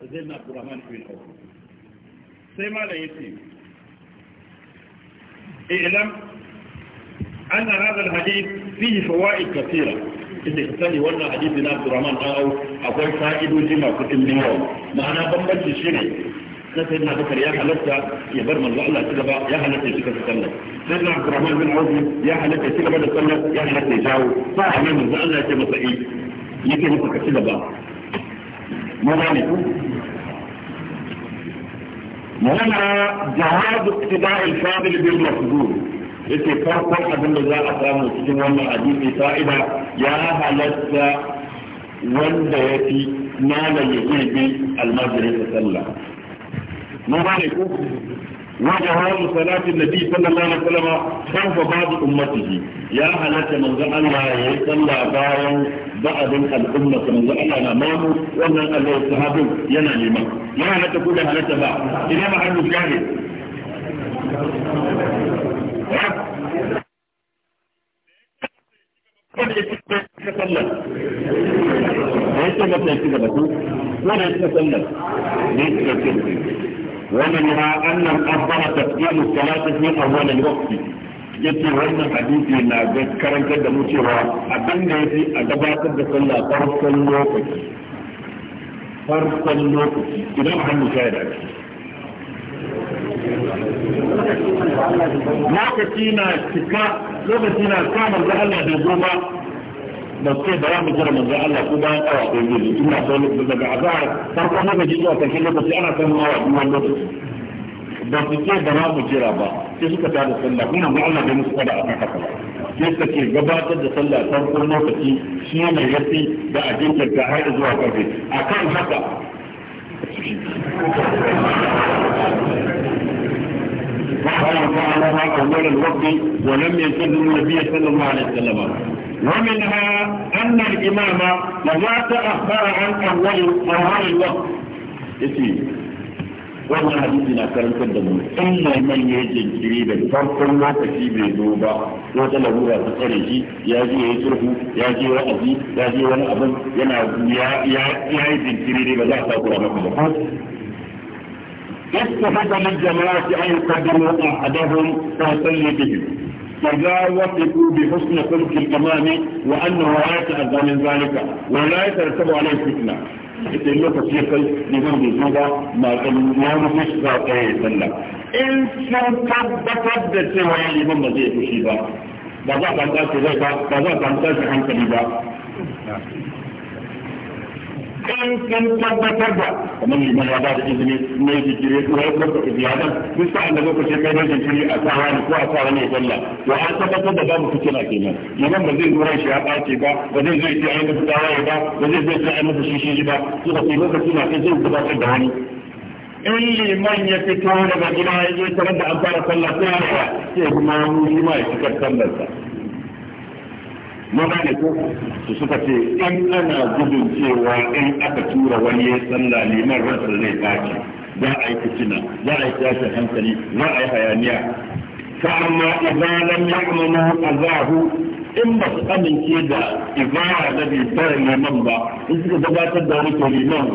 فزلنا عبد الرحمن بن عوف سيما لا يتي اعلم أن هذا الحديث فيه فوائد كثيرة inda ka sani wannan hadisi na Abdurrahman dan Auf akwai fa'idoji masu ɗimbin yawa ma'ana bambanci shine na sai na bakar ya halatta ya bar manzo Allah ci gaba ya halatta shi kasa sallah sai na Abdurrahman bin Auf ya halatta ci gaba da sallah ya halatta ya jawo fa amma manzo Allah ya ce masa yi yake masa ka ci gaba mu ne ku هنا جهاد اقتداء الفاضل بالمفضول يتي فرقا أبن لذا أقام السجن وما أدين إسائبا يا هلسة وندهتي ما لا يجيب المجرد الله ما وجهاز صلاة النبي صلى الله عليه وسلم خوف بعض أمته يا هلك من ذا الله يصلى بايا بعض الأمة من ذا الله نمام ومن الله يصحاب ينا لما يا هلك كل هلك با إلى ما عنده جاهل Wanda ya cika sallar, wanda ya cika sallar, ne ya cika sallar. ومنها أن الأفضل تقديم الصلاة في أول الوقت yace wannan hadisi na karantar da mu cewa abin da yafi a gabatar da sallah farkon lokaci farkon lokaci idan hannu ya da lokaci na cika lokaci na kama da Allah da goma da suke bayanin jira manzo Allah ko bayan awa ɗaya ne ina so ne daga azhar farkon lokaci zuwa karshen lokaci ana son awa kuma lokaci da su ce ba za mu jira ba sai suka tada sallah kuma manzo Allah bai musu kada akan haka ba sai suka ce gabatar da sallah farkon lokaci shi ne yafi da ajinta ta har zuwa karfe akan haka قال تعالى أول الوقت ولم يلتزم النبي صلى الله عليه وسلم ومنها أن الإمام لما تأخر عن أول أول الوقت wannan hadisi na karantar da mu in mai man ya jinkiri da farkon lokaci bai zo ba ko ta larura ta tsare shi ya je ya sulhu ya je wa'azi ya je wani abin yana ya ya yi jinkiri ne ba za a takura maka ba يستحق للجماعة أن يقدموا أحدهم فيصلي بهم فذا وثقوا بحسن خلق الامام وانه لا يتاذى من ذلك ولا يترتب عليه فتنه ita yi lokaci ya kai liman bai zo ba na ya rufe za a yi sallah in sun tabbatar da cewa ya liman ba zai fushi ba ba za a kwanta ba ba za a hankali ba kan sun tabbatar da kamar liman ya ba da izini mai jikiri ko ya kwanta ibiyadan duk sa'an da lokaci kai da jikiri a sa wani ko a sa wani ya salla to an tabbatar da babu fitina kenan liman ba zai lura shi ya ɓace ba ba zai zai ce ai masa tawaye ba ba zai zai ce ai masa shishi ba su da lokaci na kai zai gabatar da wani in liman ya fito daga gida ya je tarar da an fara sallah sai ya ce kuma wani ma ya cikar sallarsa mun gane ko su suka ce in ana gudun cewa in aka tura wani ya sallah liman ransa zai baci za a yi fitina za a yi tashin hankali za a yi hayaniya fa amma idan lam ya'manu azahu in ba su amince da ibara da bai tare liman ba in suka gabatar da wani liman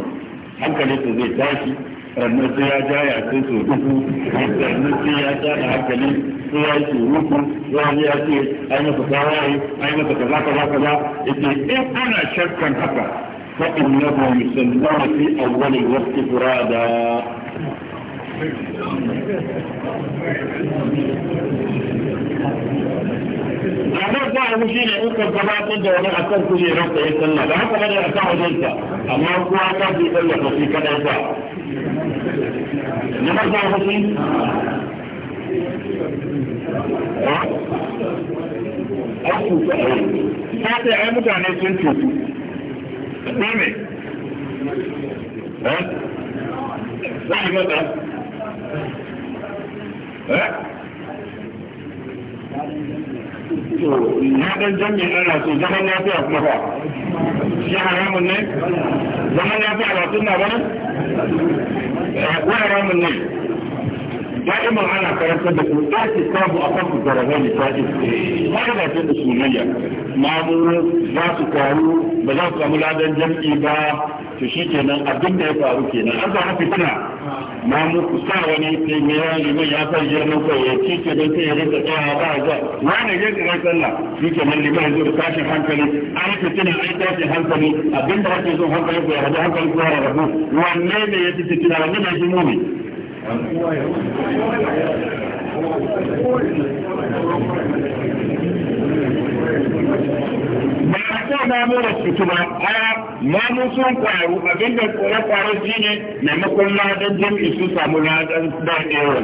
hankalinsa zai tashi sannan sai ya ja ya kai so duku sannan sai ya ja da hankali sai ya yi surutu sai ya ce ai masa tawaye ai masa kaza kaza kaza yace in ana shakkan haka fa innahu yusallama fi awwal waqti furada Thank you. ranar za a mushi ne in ka gabatar da wani akan kujerar ta yi sallah da haka bane a sa wajensa amma kowa ta fi sallah ba fi kaɗai ba na ba za a mushi a cutu a yi ta ce ai mutane sun cutu ne me za a yi mata to na dan jami'in ana so zaman lafiya kuma ba shi haramun ne zaman lafiya ba sunna ba eh, ko haramun ne دائما انا كلام كده قلت كتاب واقف الدرجاني فاتت da لا تد سنيه ما مو ذات to shi kenan abin da ya faru kenan an zama fitina ma muku sa wani sai mai yaji mai ya san girman kai ya ci ce don sai ya rinka tsaya ba ga wani ya ga sallah shi ke nan liman zuwa tashin hankali an fitina an tashin hankali abinda ake zo hankali ko ya rabu hankali ko ya rabu wanne ne ya fi fitina wanne ne ya fi mumi ba a sa damuwar su ba a ma mun sun kwaru abinda kora kwaru shi ne maimakon ladan jami'i sun samu ladan daɗewar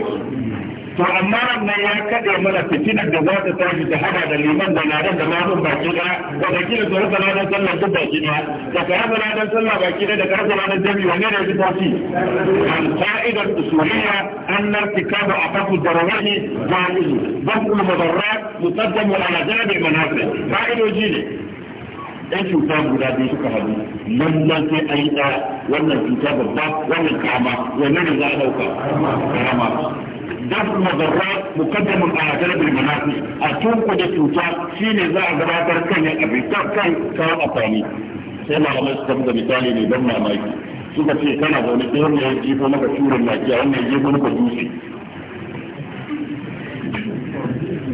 to amma wannan ya kaɗe mana fitinar da za ta tashi ta hada da liman da ladan da ladan baki ɗaya da da kila su rasa ladan sallah duk baki ɗaya da ka rasa ladan sallah baki ɗaya da ka rasa ladan jami'i wanne ne fi tashi an ka'idar usuliya an da a kafu darwani jami'i bakul mudarrat musaddamu ala jami'i manafi ka'idoji ne yan cuta guda biyu suka hadu nan nan sai an yi ɗaya wannan cuta babba wannan kama wannan ne za a ɗauka karama dan kuma babba mukaddamin a tare da manafi a tun tunku da cuta shine za a gabatar kan yan abin ta kan a tani. sai na hamas ta da misali ne don mamaki suka ce kana zaune ɗaya mai yan jifo maka curin lafiya wannan jifo maka dutse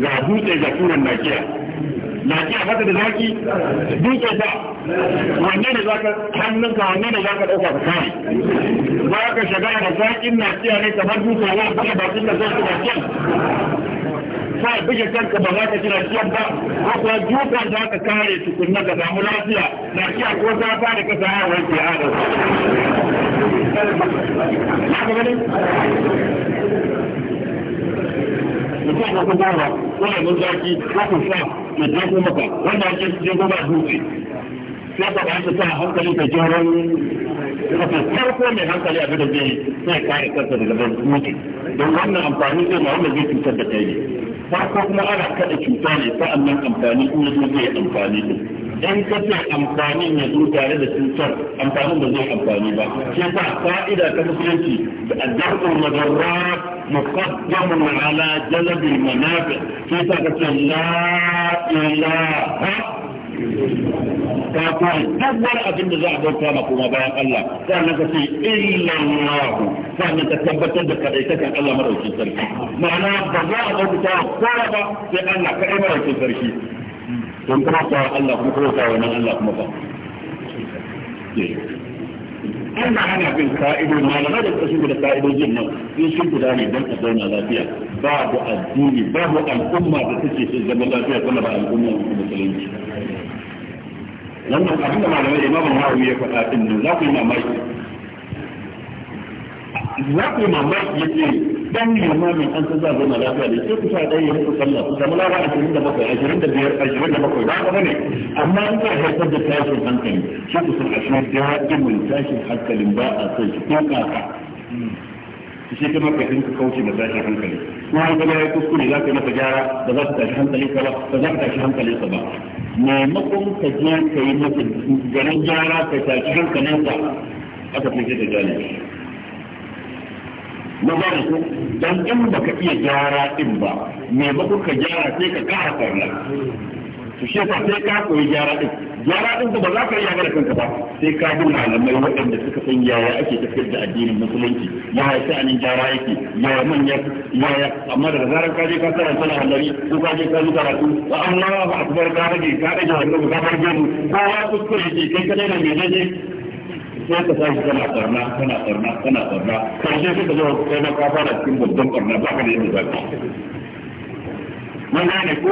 ga dutse ga curin lafiya na ki haka da zaki duke ta wanne ne zaka hannun ka wanne ne zaka dauka ka kai za ka shiga da zakin na ki ne kamar duka ya ba ba kin da zaki na kin sai bige kanka ba za ka jira kiyar ba ko kuma duka za ka kare tukunna ka samu lafiya na kiya ko za ba da ka sa ya wanke ya da sa na kun gawa wani mun zaki ko kun sa ya tafi maka wanda ake cikin goma dutse sai ka ba shi sa hankali ka jaran kafa farko mai hankali abin da zai sai kare da daga mutu don wannan amfani zai ma wanda zai cutar da kai farko kuma ana kada cuta ne sa'an nan amfani in ya zai amfani ne in ka ce amfanin ya tare da cutar amfanin da zai amfani ba shi ta fa'ida ta musulunci da addarkul madarrat مقدم نعم على جلب المنافع في تقصى لا إله فقال تبرا في النزاع بوكانك وما قال لك في الا الله فان تثبت عندك ايتك ان الله معناه بغاء طلب في انك كان مره في ana ana bin ka'ido malamai da suka shimfida ka'idojin nan sun shimfida ne don a zauna lafiya babu addini babu al'umma da take son zama lafiya kuma ba al'umma musulunci wannan abin da malamai da imamu nawawi ya faɗa din nan za ku yi mamaki za ku yi mamaki yake dan limamin an san zaɓi na lafiya ne sai ku sa ɗaya ku sallah ku samu lawa ashirin da bakwai ashirin da biyar ashirin da bakwai ba ba ne amma an ka haifar da tashin hankali sai ku san ashirin da mun tashin hankalin ba a san shi ko kaka shi kuma ka dinka kauce da tashin hankali ko an gaba ya kuskure za ka masa gyara ba za ka tashi hankali ka ba ba za ka tashi hankali ka ba maimakon ka je ka yi masa ganin gyara ka tashi hankalinsa aka fi da jami'i na ba da su dan in ka iya gyara din ba me ba ka gyara sai ka kara farna su shi sai ka koyi gyara din gyara din ba za ka iya gyara kanka ba sai ka bi malamai waɗanda suka san yaya ake tafiyar da addinin musulunci Ya yaya sha'anin gyara yake yaya manya yaya amma da zarar ka je ka tsara sana halari ko ka je ka yi karatu wa a akbar ka rage ka rage wannan ka bar gemu ya kuskure ke kai kadai da me ne sai ka tashi kana barna kana barna kana barna karshe sai ka zo kai ma ka fara cikin babban barna ba ka da yadda za ka mun gane ko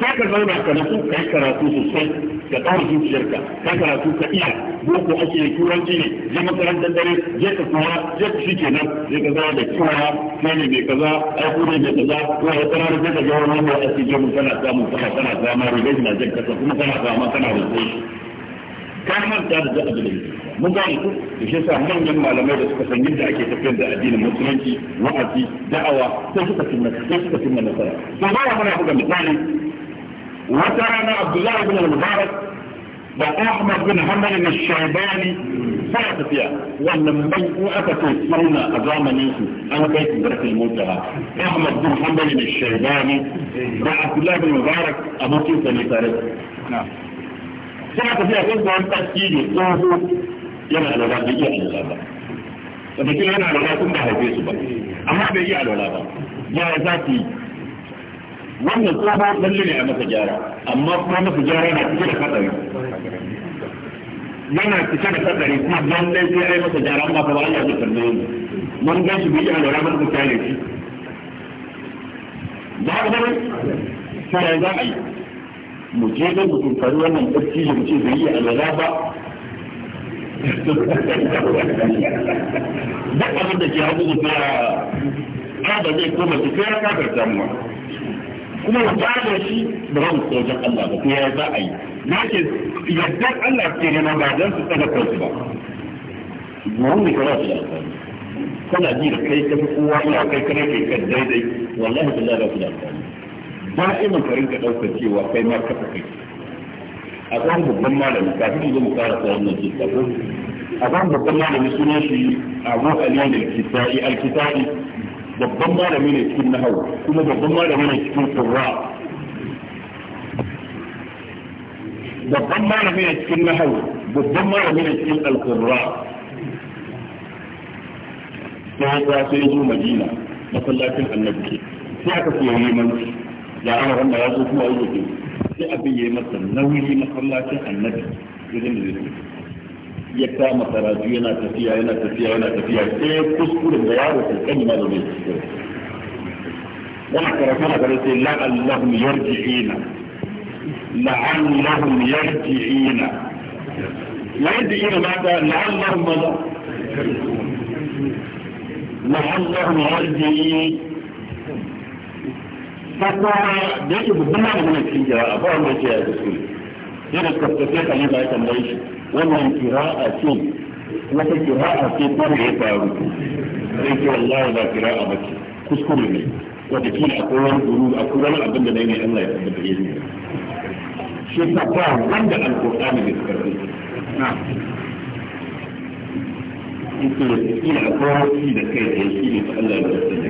sai ka zauna ka nasu kai karatu sosai ka tsara zuciyarka ka karatu ka iya boko ake yi turanci ne je makarantar dare je ka koya je ka shike nan je ka zama da koya kai ne mai kaza ai ku ne mai kaza ko ya tsara da ka ga wani wanda ake je mun kana samu kana kana zama riga na jin kasa kuma kana zama kana rubuce ka manta da abin da mun gane ku da shi sa manyan malamai da suka san yadda ake tafiyar da addinin musulunci wa'azi da'awa sai suka cimma sai suka cimma nasara to ba muna buga misali wata rana Abdullahi bin Mubarak da Ahmad bin Hanbal bin Shaybani sai tafiya wannan mai ko aka ce sunna a zamanin su an kai su garfin mota Ahmad bin Hanbal bin Shaybani da Abdullahi bin Mubarak abokin sa ne tare sai tafiya kan wani tasiri tsoho yana alwala bai iya alwala ba wata kila yana alwala kun ba haife su ba amma bai iya alwala ba yaya za ku yi wannan tsoho lalle ne a masa gyara amma kuma masa gyara na cike da kadari yana cike da kadari kuma lalle sai ai masa gyara amma ba Allah zai kalle mu mun ga shi bai alwala ba ku tare shi da ga ne sai za a yi mu je ga mutum faru wannan tsarki mu ce bai yi alwala ba duk abin da ke hagu mutu ya ba zai koma su kai ya kafar damuwa kuma ba da shi ba za mu tsojan Allah ba ko ya za a yi na ce yadda Allah ke nema ba don su tsada kansu ba wurin da kira su da alfani kana ji da kai kafi kowa ina kai kare kai kan daidai wallahi billahi ba su da alfani da'iman ka rinka ɗaukar cewa kai ma kafa kai akwai babban malami kafin mu zo mu fara tsawon nan kisa ko akwai babban malami sunan shi Abu Ali al-Kitai al-Kitai babban malami ne cikin nahawu kuma babban malami ne cikin qurra babban malami ne cikin nahawu babban malami ne cikin al-qurra sai ya sai zo Madina masallacin Annabi sai aka koyi manci ya ana wannan ya zo kuma yake sai abin ya yi masa nauyi masallacin annabi wajen da zai ya kama karatu yana tafiya yana tafiya yana tafiya sai kuskuren da yaro kan kani ma da mai wani karatu na karatu sai la'allahum yarji'ina la'allahum yarji'ina yarji'ina mata la'allahum maza la'allahum yarji'ina فهو بيجي بالدماء من الكيجا أبو عمر جاء بسوي هنا كفتفيق أنا بقيت أمريش ومن قراءة wata kira'a ce ta da ya faru sai ce wallahi ba kira'a ba ce kuskure ne wata kila akwai wani guru akwai wani abin da nayi Allah ya tabbata ya yi shi ta ba wanda alqur'ani da suka rubuta na kila akwai wani da kai da shi ne ta Allah ya tabbata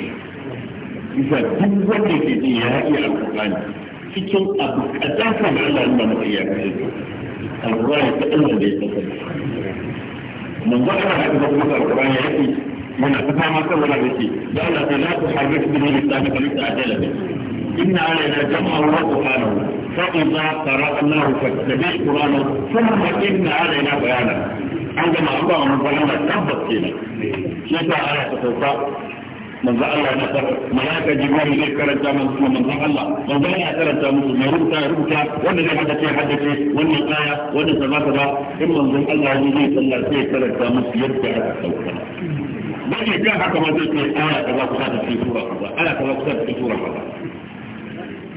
bisa duk wanda ke ji ya iya alƙur'ani cikin abu a dafa da Allah nuna maka iya kashe su alƙur'ani ta Allah da ya tafi manzo ana haka da kuma alƙur'ani ya ce yana ta fama kan wani da ce da Allah ta la ta harbe su ne da ta kalita a jalabi inna alaina jam'a wa qur'anahu فإذا قرأناه فاتبع قرآنه ثم إن علينا بيانا عندما أقام الظلام تبت فينا شفاء آية تتوقع manzo Allah ya tsara malaka jibril zai karanta mun kuma manzo Allah manzo Allah ya karanta musu mai rubuta rubuta wanda zai hada ce hada ce wannan aya wanda kaza kaza in manzo Allah ya zai sallar sai karanta musu yadda aka sauka ba ne ga haka ma zai ce aya kaza kusa da sura kaza aya kaza kusa da sura kaza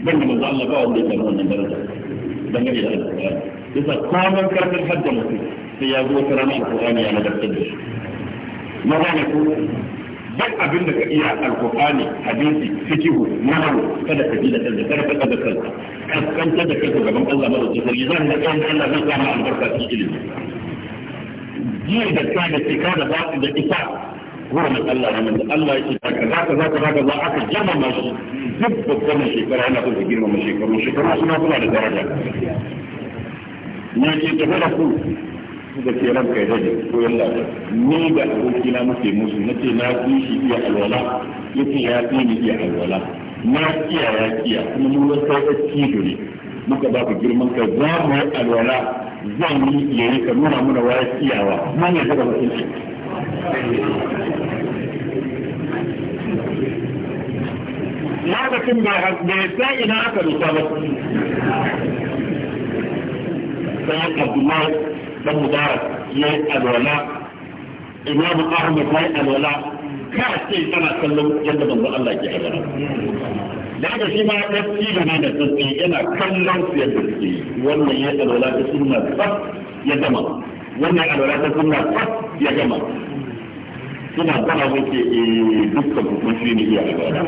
banda manzo Allah ba wanda ya samu wannan daraja dangane da alƙur'ani yasa kwanan karfin hajjar mutum sai ya zo wata rana alƙur'ani ya nadartar da shi. Maza ne ko duk abin da ka iya alkur'ani hadisi fikihu nahawu kada ka bi da kanka kada ka kada kanka kaskanta da kanka gaban Allah madaukakin sarki zan da kan Allah zai samu albarka cikin ilimi Jiya da ka da tika da ba da isa gurbin Allah ne manzo Allah ya ce ka za ka za ka za ka za aka girmama shi duk babban shekara yana son girma girmama shekaru shekaru suna kula da daraja na ce tafi da ku da ke ranka ya rage ko yalla ni da abokina muke musu na ce na fi shi iya alwala ya ce ya fi ni iya alwala na kiya ya kiya kuma mun wasu tsaki dole muka ba ku girman ka za mu yi alwala zan yi yayi ka nuna muna waya kiyawa mun ne daga mutunci lokacin bai sa ina aka rusa ba sai Abdullahi dan mubarak yayi alwala imamu ahmad yayi alwala ka ce kana kallon yadda manzo Allah ke alwala da haka shi ma ya tsira ne da tsantsi yana kallon su yadda suke wannan ya alwala ta sunna tsaf ya gama wannan alwala ta sunna tsaf ya gama ne iya alwala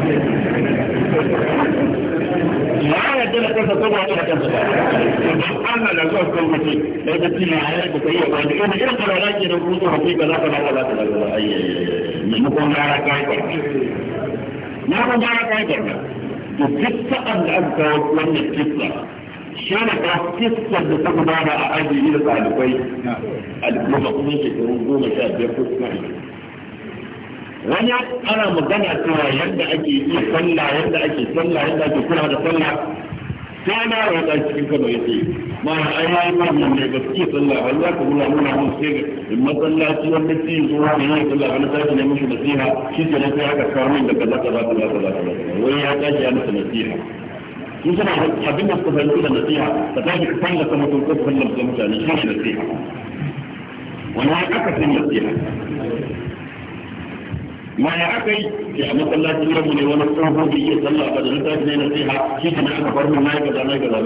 Thank you. kansa ko ba ta kansa Allah na zuwa kan mutum sai ka tina ayar da kai ba da kuma irin kana rake da ruwa haƙi ba za ka dawo za ka dawo ayyaye ne mu kon gara kai ba na kon gara kai ba to duk sa'an da aka kawo wannan kissa shi ne ta kissar da ta gudana a ajiyi da ɗalibai al'umma kuma shekaru goma sha biyar ko suna wani ana magana cewa yadda ake iya sallah yadda ake sallah yadda ake kula da sallah sai na roƙa cikin kano ya ce ma ai ma yi mamu ne ba suke sallah ba za ka nuna nuna mun sai ga masallaci wanda ke yi zuwa ne yin sallah wani tashi ne mushi nasiha shi ke nan sai aka kawo min da kaza kaza kaza kaza kaza wani ya tashi ya masa nasiha sun suna abin da suka fahimci da nasiha ka tashi ka fallasa mutum ko ka fallasa mutane shi ne nasiha wani ya aka san nasiha ما يعني في أمر الله جل وعلا من سبحانه بيجي صلى الله عليه نصيحة شيء أنا أخبر من ماي كذا ما تلاه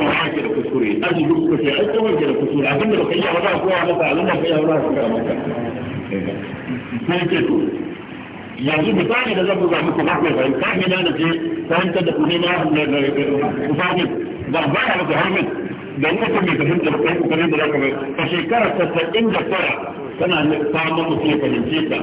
معاك كذا كسوري أجي بس كسي أنت ما كذا كسوري أجي من بقية ولا أقوى ولا تعلم ما بقية ولا أقوى ما كذا فرسي سيدا يعني بتاعي هذا أبو عبد الله بن عبد الله بتاعي أنا جي كان كذا كوني ما هم لا لا يكذبوا بتاعي ضربنا بتاعي من دعوة من تهمت بتاعي كذا كذا كذا فشيكارا kana samun mutum ya fahimce ka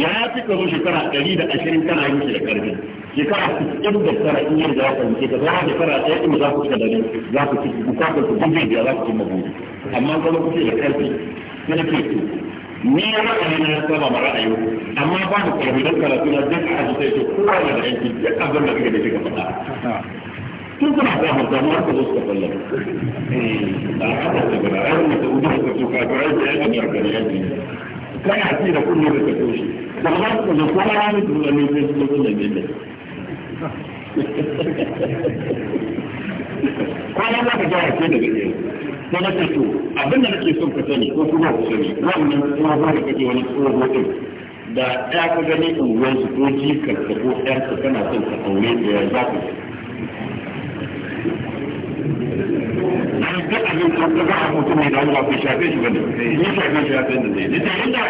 ya fi ka zo shekara 120 kana yin shi da ƙarfi shekara in da tara in yin da ya fahimce ka zama shekara ɗaya in za ku cika dari za ku ci ku ka ku ji da za ku cimma gudu amma kuma ku ce da ƙarfi sai ke so ni ra'ayi na saba ma ra'ayi amma ba ku karfi da karatu na duk a ji sai ce kowa da yanki duk abin da kake da shi ka faɗa tun kuna da mu ka zo ka kallon gaba ai mu ta ubi ka so ka to ai ya ga ga ya ji kana ci da kullu da ka toshi da ba ku da kuma ya mutu da ne sai su kullu ne ne kana za ka ga ce da gare ko na ce to abin da nake son ka sani ko kuma ku sani wannan kuma ba ka ji wani tsoho din da ya ka gani unguwar su ko jikar ka ko ƴar ka kana son ka aure da ya za ka abin da ka a mutum ne da Allah ku shafe shi bane ni shafe shi ya tsaye ne ni inda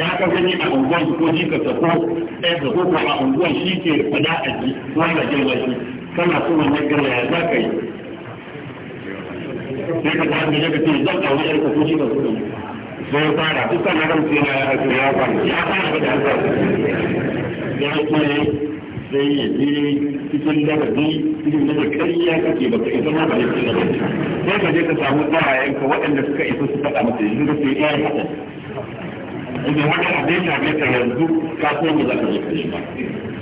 ya ka gani a unguwar ko ji ka sako eh da ko a unguwar shi ke fada a ji wanda jin wani kana so wannan garwa ya za ka yi sai ka ga da ka zan aure yarka ko ji ka so sai fara dukkan nan sai ya ya fara ya fara da hankali ya ce sai ya je cikin lafazi cikin da kariya kake ba ka isa ma ba cikin lafazi sai ka je ka samu tsarayenka waɗanda suka isa su faɗa masa yanzu da sai iya haɗa idan wani abin da ne ka yanzu ka so mu za ka je ka yi ba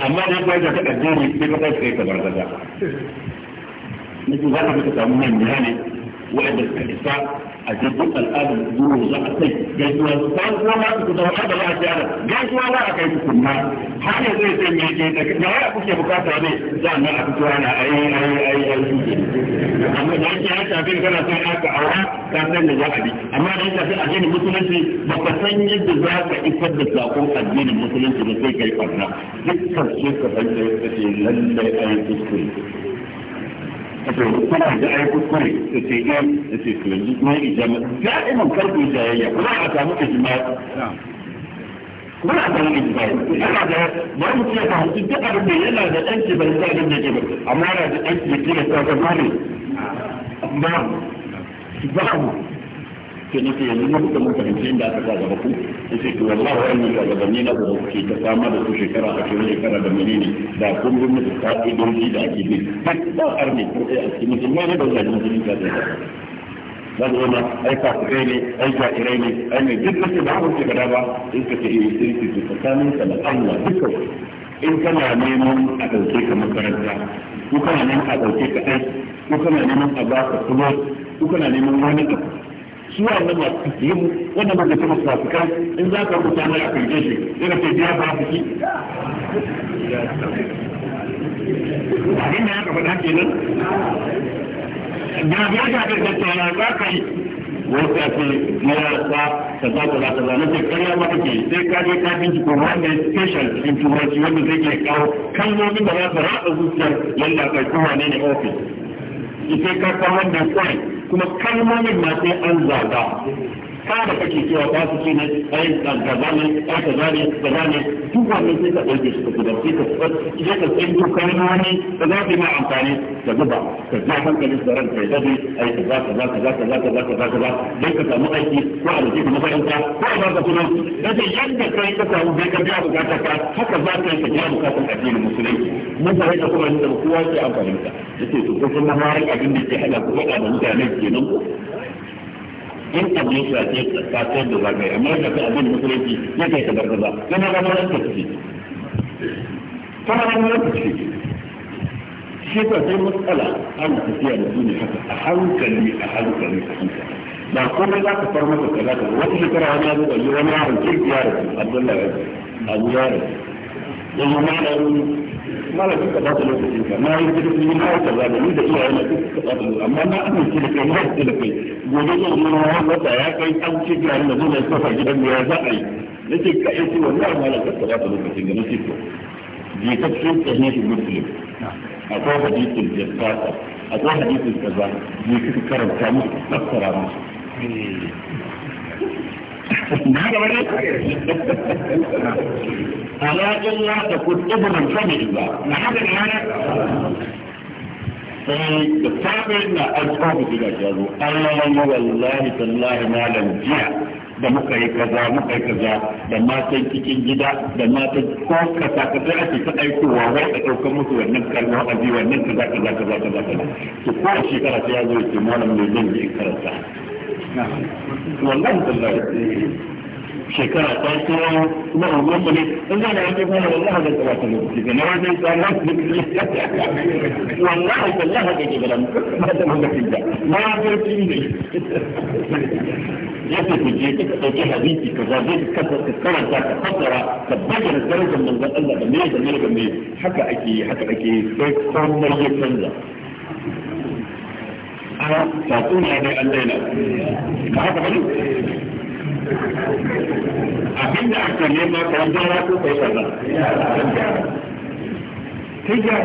amma da ya ga ta addini sai ka tashi kai ka barzaza nake za ka je ka samu manya ne waɗanda suka isa a jirgin al'adar duro za a kai gaisuwa bayan kuma ma su kusa wata ba a tsaya gaisuwa za a kai tukunna har ya zai sai mai ke da waya kuke bukata ne za a fito ana ayi ayi ayi ayi shi ke amma da yake ya shafi kana son aka aura ka san da za a bi amma da ya shafi addinin musulunci ba ka san yadda za ka isar da sakon addinin musulunci ba sai kai barna dukkan shi ka san da yake lallai ayi kuskure to kuna da ai kuskure su ce eh su ce to kuma ijama da'iman karku jayayya kuma a samu ijma'i muna ganin ijma'i yana da ba mu ce ba duk abin da yana da ɗanci bai sa abin da ke amma yana da ɗanci ke da sa zama ne ba ba sai nake yanzu na buka mun fahimci inda aka sa gaba ku sai to wallahi wannan shugabanni na gaba ke ta fama da su shekara a cikin shekara da menene da kullum musu ka'idoji da ake bi ba arni ko sai a cikin musulmai ne da wajen musulmi ka zai zan zama ai kafirai ne ai kafirai ne ai mai duk nake ba abin gada ba in ka ce iya sirri su tsakanin ka da Allah duka in kana neman a ɗauke ka makaranta ko kana neman a ɗauke ka aiki ko kana neman a ba ka kuma ko kana neman wani abu su wannan masu yin wannan ba da kuma fasikan in za ka rubuta mai a kan shi yana ce biya ba su ki abin da ya ka ke nan da biya ka kan da yana za ka yi wasu ya ce biya ba ta za ta za ta za na ce karya ma kake sai ka je ka binci ko wanda ya special cikin turanci wanda zai ke kawo kalmomin da za su ratsa zuciyar yadda kai kowa ne ne ofis. Ita ka kawo wanda kwai kuma kalmomin ma an zaga kada kake cewa ba su ne ai kaza ne ai kaza ne kaza duk wannan sai ka dauke su ka da sai ka sai ka sai duk kai wani da za ka ma amfani ka zuba ka ja hankali da ran kai dade ai ka kaza kaza su ka kaza kaza su ka samu aiki ko a rike ka makaranta ko a baka kuma ke yadda kai ka samu bai ka biya bukata ka haka za ka ka biya bukatun addinin musulunci mun fara da kuma da kowa ke amfani ka yace to ko kuma abin da ke hada ku da mutane kenan ko in abu ya shafe kasuwar da zagaye amma ya shafe abin musulunci ya kai ka barkaza yana da wani tafi kana da wani tafi shi ka sai matsala ana tafiya da su ne haka a hankali a hankali a hankali ba kuma za ka far masa kaza ka wata shekara wani ya zuba yi wani yaron kirki ya rasu abdullahi abu ya rasu yanzu malamin mala duk da bata lokacin ka na yi jirgin na yi kaza da ni da iyayen da duk da bata amma na amince da kai na da kai gobe zan je na wani wata ya kai an ce ga da zai kofa gidan mu ya za a yi nake ka yi cewa ya mala ka tsara da lokacin da nake ko je ka cikin sahihi muslim akwai hadisin jassasa akwai hadisin kaza je ka karanta musu tsara musu ألا إلا تكون ابن الفم إلا ما هذا sai da safe na an tsohu su gashi yazo Allah wallahi tallahi malam jiya da muka yi kaza muka yi kaza da matan cikin gida da matan ko kasa kasa ake ta aikowa wai a ɗaukar musu wannan kalma a ji wannan kaza kaza kaza kaza kaza to ko a shekara sai ya zo ya ce malam ne zan je karanta wallahi tallahi shekara ta kowa kuma unguwar mu ne in za na yanke fara wallahi da tsara kuma su ga nawa zai tsara wallahi wallahi da ke gara ba da mun gafi da na yanke shi ne yake ku je ka dauki hadisi ka zabe ka karanta ka fassara ka bayyana darajar manzon Allah da me da me da me haka ake haka ake sai komai ya canza a tatsuniya dai Allah yana ba haka bane abinda aka nema ka yi gyara ko ka yi kaza kai ga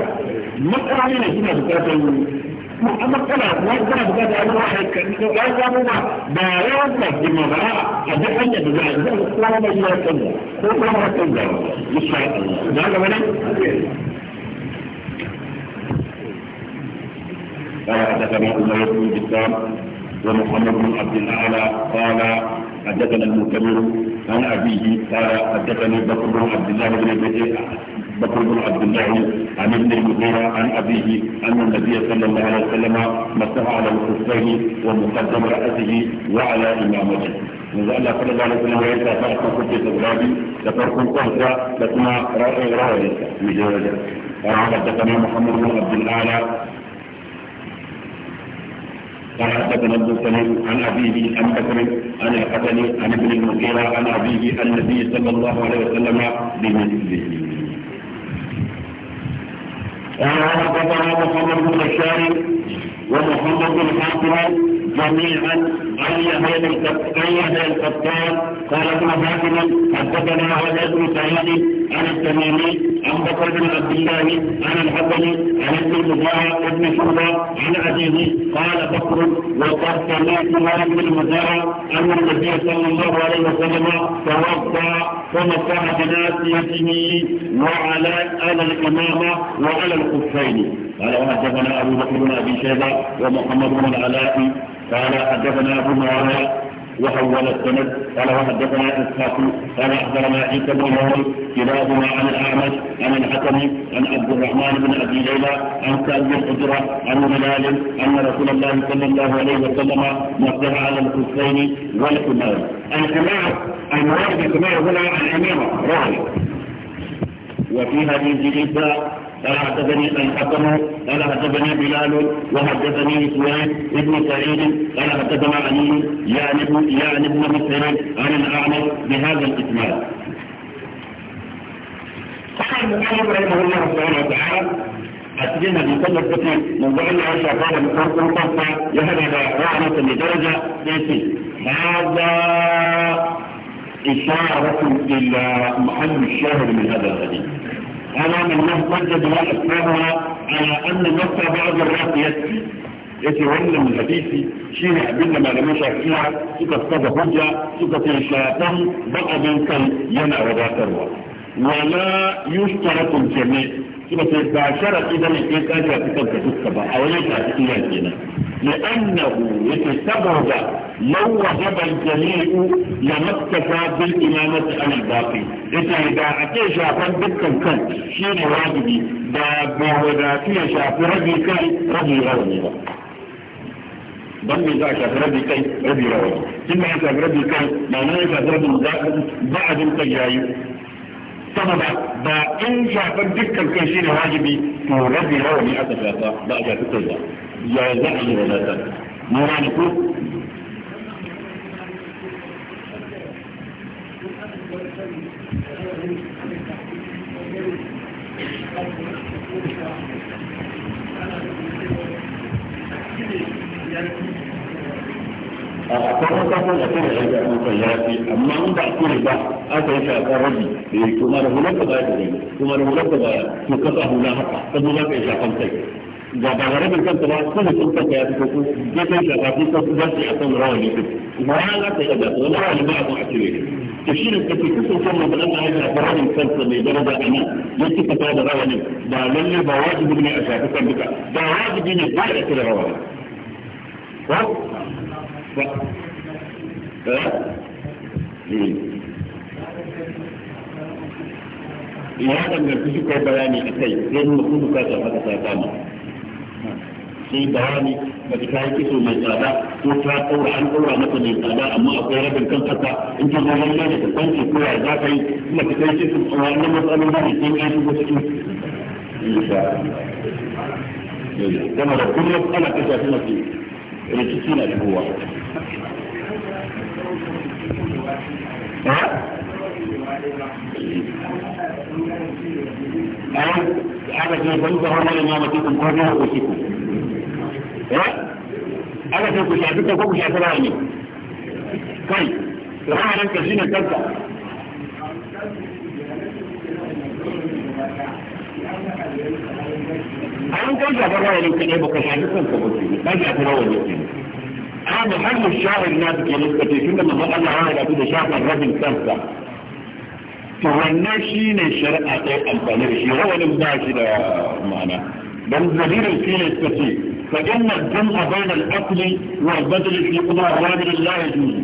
matsala ne na gina bukatar a matsala wani kana bukatar wani wahayi kan wani abubuwa ba yawan ba girma ba a duk hanyar da za a zai kowa mai yawan canza ko kuma mara canza insha Allah da haka wani قال حدثنا أمية بن بسام ومحمد بن عبد الأعلى قال حدثنا المؤتمر عن أبيه قال حدثني بكر بن عبد الله بن بكر بن عبد الله عن ابن المغيرة عن أبيه أن النبي صلى الله عليه وسلم مسح على الخفين ومقدم رأسه وعلى إمامته yanzu Allah kada da na kuma yayin tafa a kan kuke saurabi da farkon kwanta da kuma ra'ayin ra'ayin mai jawaja. قال حدثنا ابن سليم عن ابيه عن بكر عن الحسن عن ابن المغيره عن ابيه النبي صلى الله عليه وسلم بمثله. قال حدثنا محمد بن بشار ومحمد بن حاتم جميعا عن يحيى القطان قال ابن حاتم حدثنا هذا بن سعيد عن التميمي عن بكر بن عبد الله عن الحسن عن ابن مزاح بن شعبه عن ابيه قال بكر وقد سمعت مالك بن مزاح ان النبي صلى الله عليه وسلم توضا فمسح يده وعلى على الامامه وعلى الخفين قال وحدثنا ابو بكر بن ابي شيبه ومحمد بن العلاء قال حدثنا ابو معاويه وحول السند قال وحدثنا اسحاق قال اخبرنا عيسى بن مريم كلاهما عن الاعمش عن الحكم عن عبد الرحمن بن ابي ليلى عن سعد الحجره عن بلال ان رسول الله صلى الله عليه وسلم نصح على الحسين والكمام الكمام المراد بالكمام هنا الاميره راوي وفي حديث عيسى قال حدثني الحكم قال حدثني بلال وحدثني سويد ابن سعيد قال حدثنا علي يا ابن يا ابن مسعود عن الاعمش بهذا الاسناد. قال المؤلف رحمه الله سبحانه وتعالى أتجنى كل كثير من ضمن عائشة قال مصرف مصرفة يهدى رحمة لدرجة بيتي هذا إشارة إلى محل الشاهد من هذا الحديث على من نجد الأسفارها على أن نفسها بعض الرأس يكفي يتي وإن من الحديثي شيرا أبنى ما لم يشاكيها سكة سكة بجة سكة شاكم بقى بنكا ينا وباتروا ولا يشترط الجميع سكة باشرة إذا لكيكا جاكتا تتكبا أو ليكا تتكبا لأنه يتسبب لو وجب الجميع لمكتفى بالإمامة أنا الباقي إذا إذا أتي شافا بك الكل شين واجبي دا بوهدا في شاف ربي كي ربي غوني دا بل إذا شاف ربي كي ربي غوني ثم يشاف ربي كي ما نعيش أفراد مزاقب بعد القيائي سببا دا إن شافا بك شين واجبي تو ربي غوني أتفاقا بعد القيائي يا زعي ولا تنسى مرانكو ana kare ya ga ko ya fi amma in ba kure ba aka yi shaka rabi eh to mara hulan ba ya gani to mara hulan ba to ka sa hulan haka kan za ka yi shakan kai ga ba ga rabin kanta ba kuma sun ka ya fito ko ya kai shaka ko ka za ka yi akan rawani din ma ya za ka yi da wani rawani ba abun a cire to shi ne kake kusan kan mu dan ya shafa rabin kanta mai daraja a nan ya ci fata da rawanin ba lalle ba wajibi ne a shafi kan duka ba wajibi ne ba a cire rawani ko Eh. ya danganci shi bayani a kai sai mu kun ta haka ta kama sai bayani ba ta yi kiso mai tsada ko ta ɗaura an ɗaura mata mai tsada amma akwai rabin kan kasa in ta zama ne da kwanci ko ya za ka yi kuma ta kai kiso a wannan matsalolin da ke yi a cikin eh, gama da kullum ana rikici na shigowa ها؟ ها؟ هذا في بلده ولا إمامتكم قرنا ها؟ هذا في كشافتك وكشافتك يعني طيب وهذا لن تزين ها؟ أنا كيف أفرأي لك أن يبقى شافتك وكشافتك أجل أفرأي ها؟ هذا حل الشاعر نبكي نسبة كنا ما قال الله هذا كده شاعر الرجل كذا فهنا شيء شرع أتي البنر شيء هو المباشر معنا بل زهير الفيل السفي فإن الجمع بين الأكل والبدل في قضاء وامر لا يجوز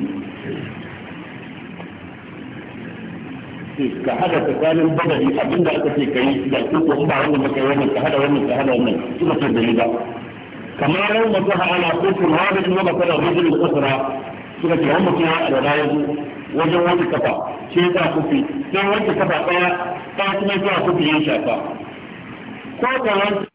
ka hada البدل badari abinda aka ce kai da kuma ba wannan maka wannan ka hada wannan ka hada wannan kuma ce dalila كما لو مسح على قوس واحد ومسح الرجل الاخرى suka ce wani mutum ya da bayan wajen wani kafa shi ya sa kufi sai wanke kafa ɗaya ta kuma zuwa kufi ya shafa ko ka wanke